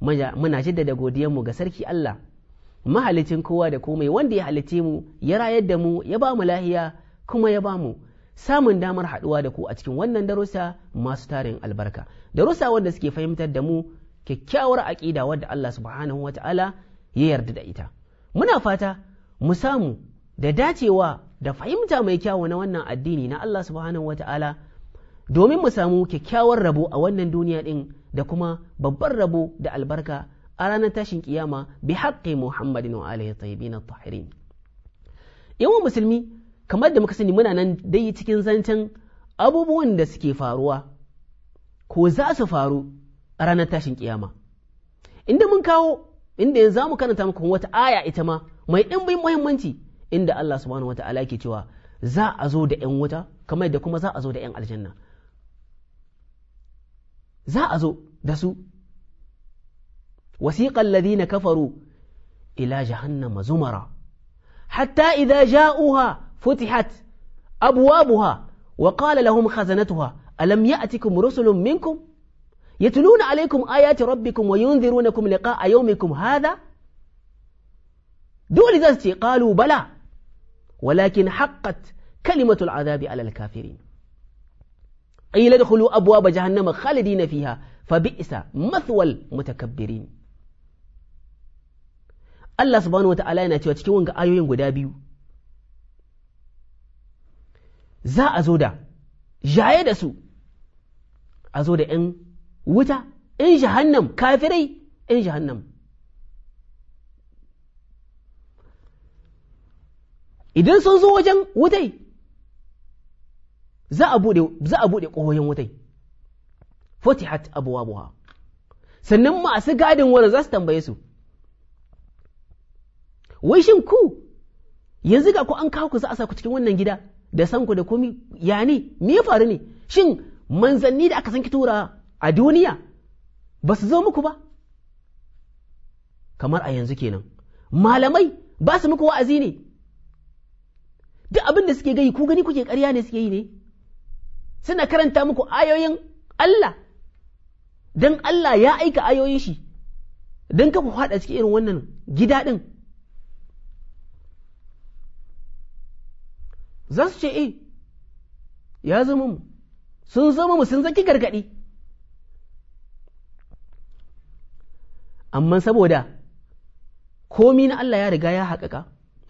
muna jaddada godiyanmu ga sarki Allah mahalicin kowa da komai wanda ya halice mu ya rayar da mu ya ba mu lahiya kuma ya ba mu samun damar haɗuwa da ku a cikin wannan darussa masu tarin albarka darussa wanda suke fahimtar da mu kyakkyawar aƙida wadda Allah subhanahu wata'ala ya yarda da ita muna fata mu samu da dacewa da fahimta mai kyawu na wannan addini na Allah subhanahu wata'ala domin mu samu kyakkyawar rabo a wannan duniya din da kuma babban rabo da albarka a ranar tashin kiyama bi haƙƙi Muhammadin wa Alayhi tayyibin na tahirin yawan musulmi kamar da muka sani muna nan dai cikin zancen abubuwan da suke faruwa ko za su faru a ranar tashin kiyama inda mun kawo inda yanzu za mu karanta muku wata aya ita ma mai ɗimbin muhimmanci inda Allah subhanahu ta'ala ke cewa za a zo da ‘yan wuta kamar da kuma za a zo da ‘yan aljanna za a zo da su wasiƙan ladina kafaru ila jahannama zumara hatta idza ja'uha futihat abwabuha wa qala lahum khazanatuha alam ya'tikum rusulun minkum يتلون عليكم آيات ربكم وينذرونكم لقاء يومكم هذا دول ذاتي قالوا بلى ولكن حقت كلمة العذاب على الكافرين da قيل ادخلوا أبواب جهنم خالدين فيها فبئس مثوى المتكبرين Allah subhanahu wata'ala yana cewa cikin wanga ayoyin guda biyu za a zo da jaye dasu su a zo da ‘yan wuta ‘yan jahannam kafirai idan sun zo wajen wutai za a buɗe za a Fotihat ƙohoyin wutai fatihat abwabuha sannan masu gadin wurin za su tambaye su wai shin ku yanzu ga ku an kawo ku za a sa ku cikin wannan gida da san ku da komi ya ne me ya faru ne shin manzanni da aka san ki tura a duniya ba su zo muku ba kamar a yanzu kenan malamai ba su muku wa'azi ne duk abin da suke gani ku gani kuke ƙarya ne suke yi ne suna karanta muku ayoyin Allah don Allah ya aika ayoyin shi don ka faɗa cikin irin wannan gida ɗin za su ce eh ya zama mu sun zama mu sun zaki gargaɗi amma saboda komi na Allah ya riga ya haƙaƙa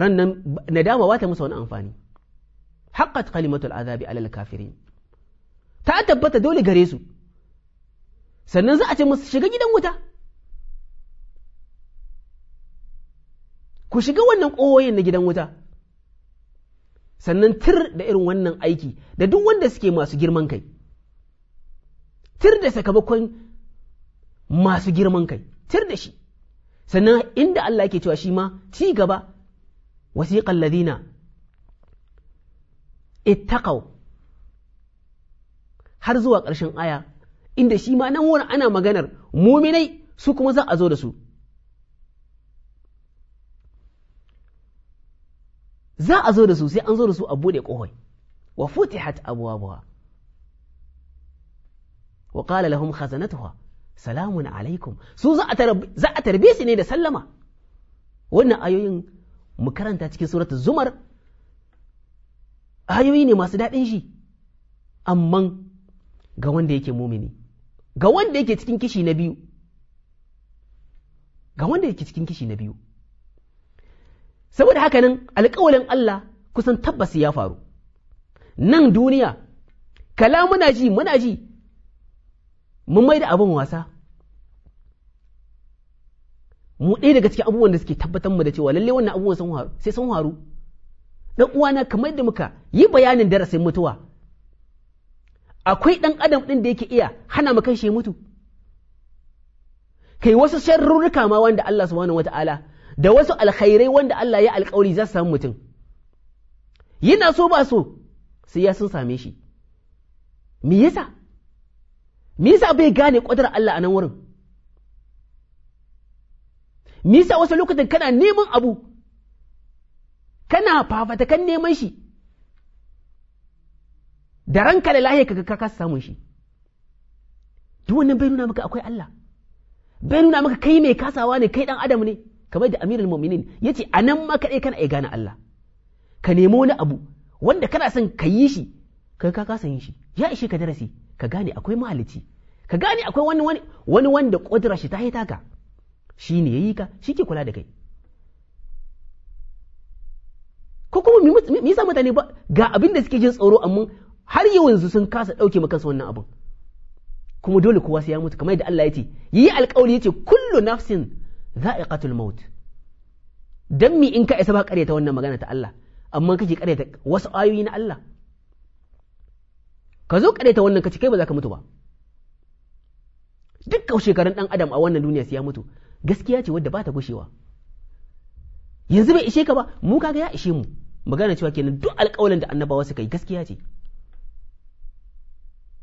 ran nan nadama ba ta musu wani amfani haqqat kalimatul azabi alal kafirin ta tabbata dole gare su sannan za a ce musu shiga gidan wuta ku shiga wannan ƙoyoyin na gidan wuta sannan tir da irin wannan aiki da duk wanda suke masu girman kai tir da sakamakon masu girman kai tir da shi sannan inda Allah ke cewa shi ma ci gaba wasiƙan ladina ittaqaw har zuwa ƙarshen aya inda shi ma nan wurin ana maganar muminai su kuma za a zo da su za a zo da su sai an zo da su a buɗe ƙohoi wa futihat abwabuha wa qala lahum khazanatuha salamun alaikum su za a tarbe su ne da sallama wannan ayoyin mu karanta cikin suratul zumar ayoyi ne masu daɗin shi amman ga wanda yake mumini ga wanda yake cikin kishi na biyu ga wanda yake cikin kishi na biyu saboda haka nan alƙawalin Allah kusan tabbas ya faru nan duniya kala muna ji muna ji mun mai da abin wasa mu ɗaya daga cikin abubuwan da suke tabbatar mu da cewa lalle wannan abubuwan sun haru sai sun haru dan uwana kamar da muka yi bayanin darasin mutuwa akwai ɗan adam ɗin da yake iya hana mu kai shi mutu kai wasu sharrurruka ma wanda Allah subhanahu wata'ala da wasu alkhairai wanda Allah ya alkawari za su samu mutum yana so ba so sai ya sun same shi me yasa me yasa bai gane ƙudurar Allah a nan wurin me yasa wasu lokutan kana neman abu kana fafatakan neman shi da ranka da lahiya kaga ka kasa samun shi duk wannan bai nuna maka akwai Allah bai nuna maka kai mai kasawa ne kai dan adam ne kamar da amirul mu'minin yace anan ma kadai kana ai gane Allah ka nemo wani abu wanda kana son ka yi shi kai ka kasa yin shi ya ishe ka darasi ka gane akwai mahalici ka gane akwai wani wani wani wanda kudura shi ta hita ka shine yayi ka shi ke kula da kai ko kuma mi yasa mutane ba ga abin da suke jin tsoro amma har yanzu sun kasa ɗauke maka kansu wannan abin kuma dole kowa sai ya mutu kamar yadda Allah ya ce yi alƙawari ya ce kullu nafsin za'iqatul maut dan mi in ka isa ba ƙaryata wannan magana ta Allah amma kake ƙaryata wasu ayoyi na Allah ka zo ƙaryata wannan kace kai ba za ka mutu ba dukkan shekarun ɗan adam a wannan duniya sai ya mutu gaskiya ce wadda ba ta gushewa yanzu bai ishe ka ba mu kaga ya ishe mu magana cewa kenan duk alƙawalin da annabawa suka yi gaskiya ce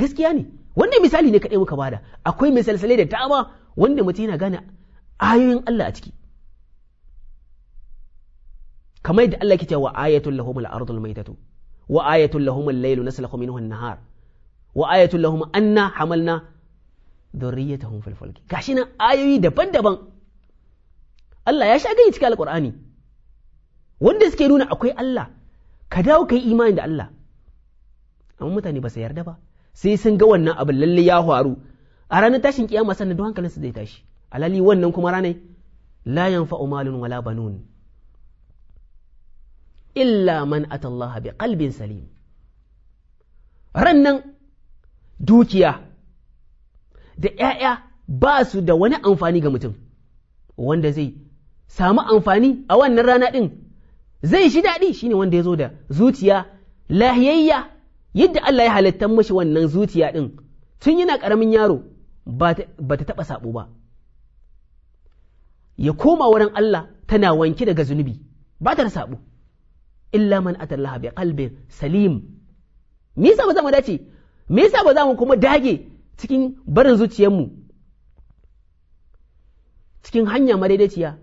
gaskiya ne wannan misali ne kaɗai muka bada akwai misalsalai da dama wanda mutum yana gane ayoyin Allah a ciki kamar yadda Allah ke cewa ayatul lahum al-ardul maitatu wa ayatul lahum al-laylu naslakhu minhu an-nahar wa ayatul lahum anna hamalna dhurriyyatahum fil fulki gashi nan ayoyi daban-daban Allah ya sha gani cikin alqur'ani wanda suke nuna akwai Allah ka dawo kai imani da Allah amma mutane ba su yarda ba sai sun ga wannan abin lalle ya faru a ranar tashin kiyama sannan don hankalinsu zai tashi alali wannan kuma ranar la yanfa umalun wala banun illa man atallaha bi qalbin salim rannan dukiya da ‘ya'ya ba su da wani amfani ga mutum wanda zai samu amfani a wannan rana din zai shi daɗi shine wanda ya zo da zuciya lahiyayya yadda Allah ya halitta mashi wannan zuciya ɗin tun yana ƙaramin yaro ba ta taɓa saɓo ba ya koma wurin Allah tana wanke daga zunubi ba ta saɓo illa man atallaha bi qalbin salim me yasa ba za mu dace me yasa ba za kuma dage cikin barin zuciyarmu cikin hanya madaidaiciya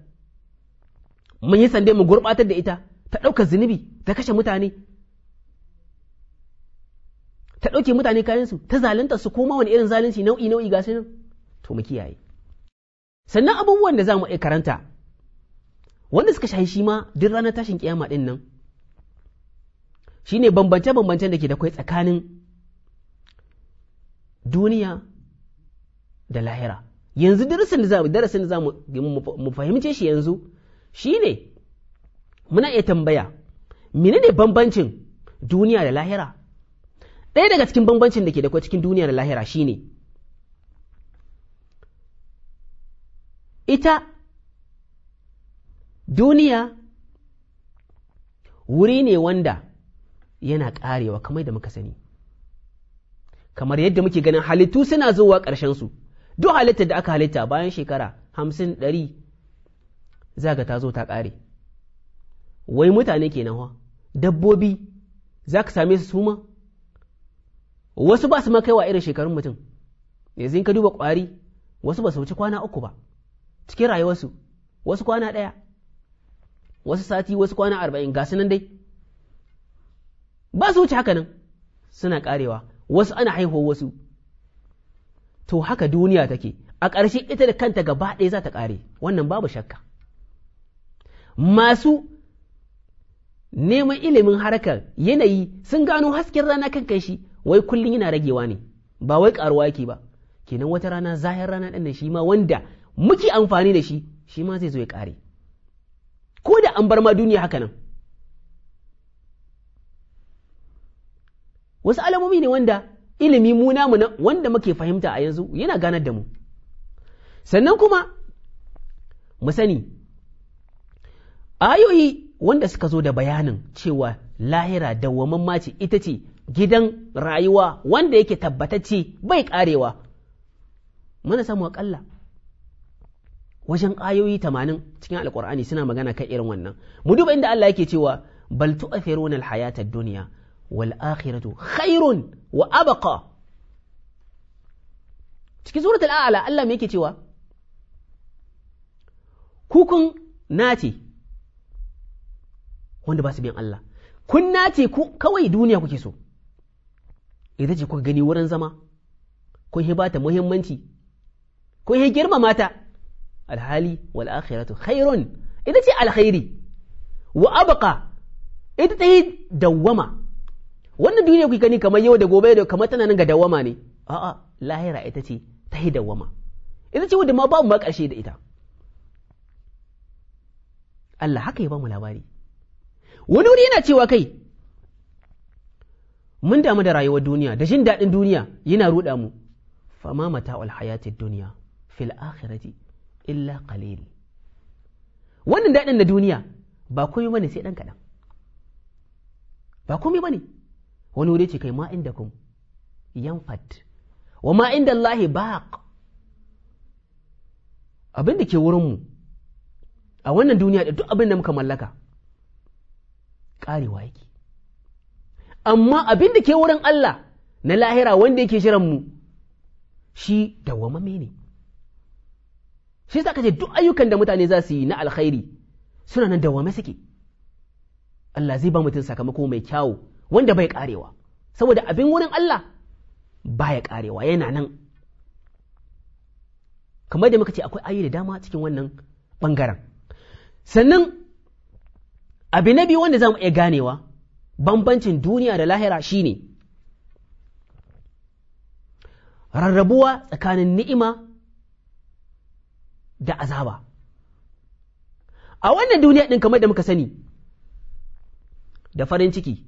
mun yi sande mu gurɓatar da ita ta ɗaukar zunubi ta kashe mutane ta ɗauke mutane kayansu ta zalunta su koma wani irin zalunci nau'i nau'i ga nan to mu kiyaye sannan abubuwan da za mu iya karanta wanda suka shahi shi ma duk ranar tashin kiyama ɗin nan shine bambance-bambancen da ke da kwai tsakanin duniya da lahira yanzu darasin da za mu fahimce shi yanzu shine muna iya tambaya menene bambancin duniya da lahira ɗaya daga cikin bambancin da ke da kwa cikin duniya da lahira shine ita duniya wuri ne wanda yana ƙarewa kamar da muka sani kamar yadda muke ganin halittu suna zuwa su duk halittar da aka halitta bayan shekara hamsin ɗari zaga ta zo ta ƙare wai mutane ke nawa dabbobi za ka same su suma wasu ba su ma kaiwa irin shekarun mutum yanzu in ka duba ƙwari wasu ba su wuce kwana uku ba cikin rayuwarsu wasu kwana ɗaya wasu sati wasu kwana arba'in ga nan dai ba su wuce haka nan suna ƙarewa wasu ana haihuwa wasu to haka duniya take a ƙarshe ita da kanta gaba ɗaya za ta ƙare wannan babu shakka masu neman ilimin harkar yanayi sun gano hasken rana kan kai shi wai kullum yana ragewa ne ba wai karuwa yake ba kenan wata rana zahir rana ɗan shi ma wanda muke amfani da shi shi ma zai zo ya ƙare ko da an bar ma duniya haka nan wasu alamomi ne wanda ilimi mu namu na wanda muke fahimta a yanzu yana ganar da mu sannan kuma mu sani ayoyi wanda suka zo da bayanin cewa lahira dawwaman mace ita ce gidan rayuwa wanda yake tabbatacce bai karewa muna samu akalla wajen ayoyi tamanin cikin Alƙur'ani suna magana kan irin wannan mu duba inda Allah yake cewa bal tu'athiruna al-hayata ad-dunya wal akhiratu khairun wa abqa cikin suratul a'la Allah me yake cewa kukun nace wanda ba su bin Allah kun nace ku kawai duniya kuke so ita ce kuka gani wurin zama kun hi bata muhimmanci kun hi girmama ta alhali wal akhiratu khairun ita ce alkhairi wa abqa ita ta yi dawwama wannan duniya kuke gani kamar yau da gobe da kamar tana nan ga dawwama ne a'a lahira ita ce ta yi dawwama ita ce wanda ma babu ma ƙarshe da ita Allah haka ya ba mu labari wani wuri yana cewa kai mun damu da rayuwar duniya da jin daɗin duniya yana ruɗa mu fama mata'ul hayatid duniya fil akhirati illa qalil wannan daɗin na duniya ba komai bane sai ɗan kaɗan ba komai bane wani wuri ce kai ma inda kum yanfat wa ma inda Allahi baq abin da ke wurinmu a wannan duniya da duk abin da muka mallaka ƙarewa yake amma abin da ke wurin Allah na lahira wanda yake shirin mu shi dawwamame ne shi yasa kace duk ayyukan da mutane za su yi na alkhairi suna nan dawwame suke Allah zai ba mutum sakamako mai kyawu wanda bai karewa saboda abin wurin Allah baya karewa yana nan kamar da muka ce akwai ayi da dama cikin wannan bangaren sannan abu na biyu wanda za mu iya ganewa bambancin duniya da lahira shine rarrabuwa tsakanin ni'ima da azaba a wannan duniya ɗin kamar da muka sani da farin ciki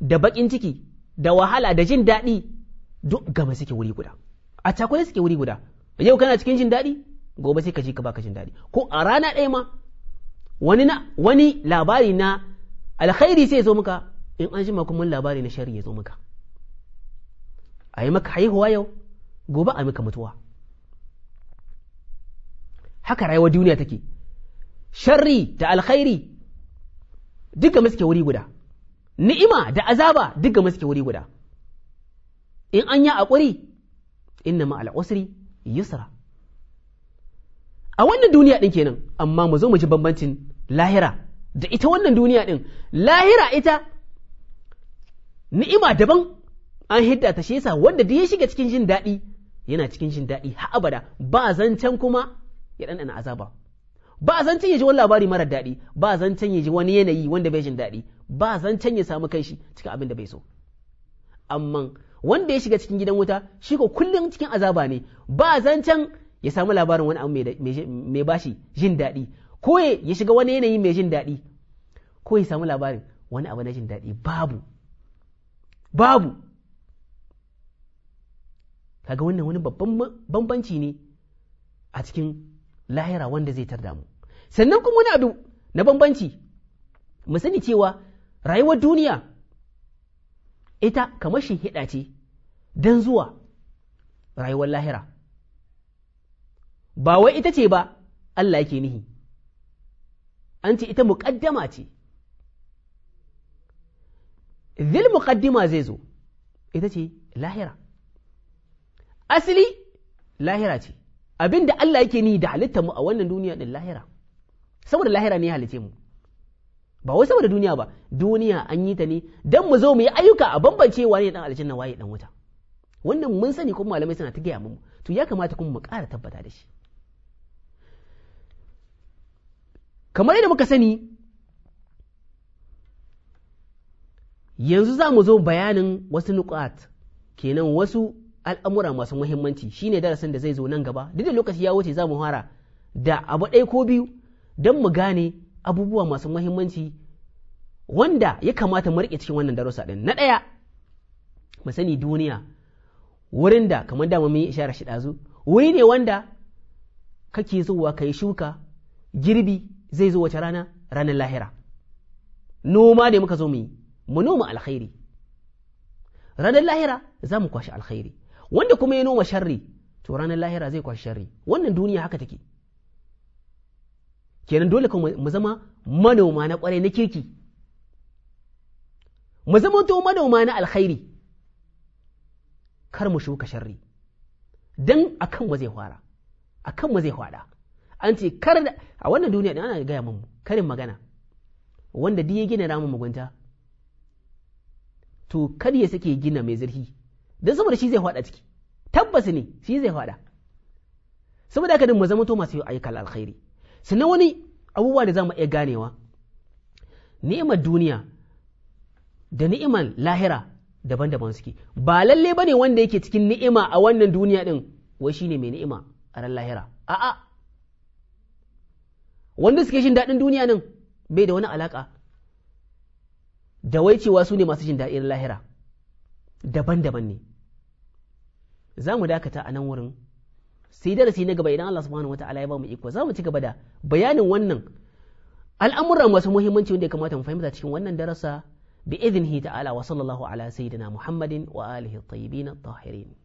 da baƙin ciki da wahala da jin daɗi duk gama suke wuri guda a cakwale suke wuri guda yau kana cikin jin daɗi gobe sai ka ji ka baka jin daɗi ko a rana ɗaya ma wani labari na alkhairi sai zo muka in an jima kuma labari na shari ya zo maka a yi maka haihuwa yau gobe a maka mutuwa haka rayuwar duniya take sharri da alkhairi duka muske wuri guda ni'ima da azaba duka muske wuri guda in an yi akuri inna ma al'usri yusra a wannan duniya din kenan amma mu zo mu ji bambancin lahira da ita wannan duniya din lahira ita ni'ima daban an hidda ta shi yasa wanda da ya shiga cikin jin daɗi yana cikin jin daɗi har abada ba zancen kuma ya ɗanɗana azaba ba zancen ya ji wani labari marar daɗi ba zancen ya ji wani yanayi wanda bai jin daɗi ba zancen ya samu kanshi cikin abin da bai so amma wanda ya shiga cikin gidan wuta shi ko kullum cikin azaba ne ba zancen ya samu labarin wani abu mai bashi jin daɗi ko ya shiga wani yanayi mai jin daɗi ko ya samu labarin wani abu na jin daɗi babu babu kaga wannan wani babban bambanci ne a cikin lahira wanda zai tar da mu sannan kuma wani abu na bambanci mu sani cewa rayuwar duniya ita kamar hida ce don zuwa rayuwar lahira ba wai ita ce ba Allah yake nihi an ce ita muƙaddama ce zil muqaddima zai zo ita ce lahira asali lahira ce abinda Allah yake ni da halitta mu a wannan duniya din lahira saboda lahira ne ya halice mu ba wai saboda duniya ba duniya an yi ta ne dan mu zo mu yi ayyuka a bambance ne dan aljanna waye dan wuta wannan mun sani kuma malamai suna ta gaya mu to ya kamata kuma mu ƙara tabbata da shi kamar yadda muka sani yanzu za mu zo bayanin wasu nukat kenan wasu al'amura masu muhimmanci shine darasin da zai zo nan gaba duk da lokaci ya wuce za mu fara da abu ɗaya ko biyu don mu gane abubuwa masu muhimmanci wanda ya kamata mu riƙe cikin wannan darussa ɗin na ɗaya mu sani duniya wurin da kamar da mun yi ishara shi ɗazu wuri ne wanda kake zuwa ka shuka girbi zai zo wace rana ranar lahira noma ne muka zo mu yi mu noma alkhairi ranar lahira za mu kwashi alkhairi wanda kuma ya noma sharri to ranar lahira zai kwashi sharri wannan duniya haka take kenan dole mu zama manoma na kwarai na kirki mu zama to manoma na alkhairi kar mu shuka sharri dan akan wa zai fara akan wa zai fada an ce kar a wannan duniya ana gaya mun karin magana wanda duk ya gina ramin mugunta to kada ya sake gina mai zurfi don saboda shi zai faɗa ciki tabbas ne shi zai faɗa saboda haka din mu zama to masu ayyukan alkhairi sannan wani abubuwa da zamu iya ganewa ni'imar duniya da ni'imar lahira daban-daban suke ba lalle bane wanda yake cikin ni'ima a wannan duniya din wai shine mai ni'ima a ran lahira a'a wanda suke shin daɗin duniya nan bai da wani alaka da wai cewa su ne masu jin daɗin lahira daban-daban ne za mu dakata a nan wurin sai darasi na gaba idan Allah subhanahu wa ta'ala ya ba mu iko za mu ci gaba da bayanin wannan al'amuran masu muhimmanci wanda ya kamata mu fahimta cikin wannan darasa bi idnihi ta'ala wa sallallahu ala sayyidina Muhammadin wa alihi at-tayyibin at-tahirin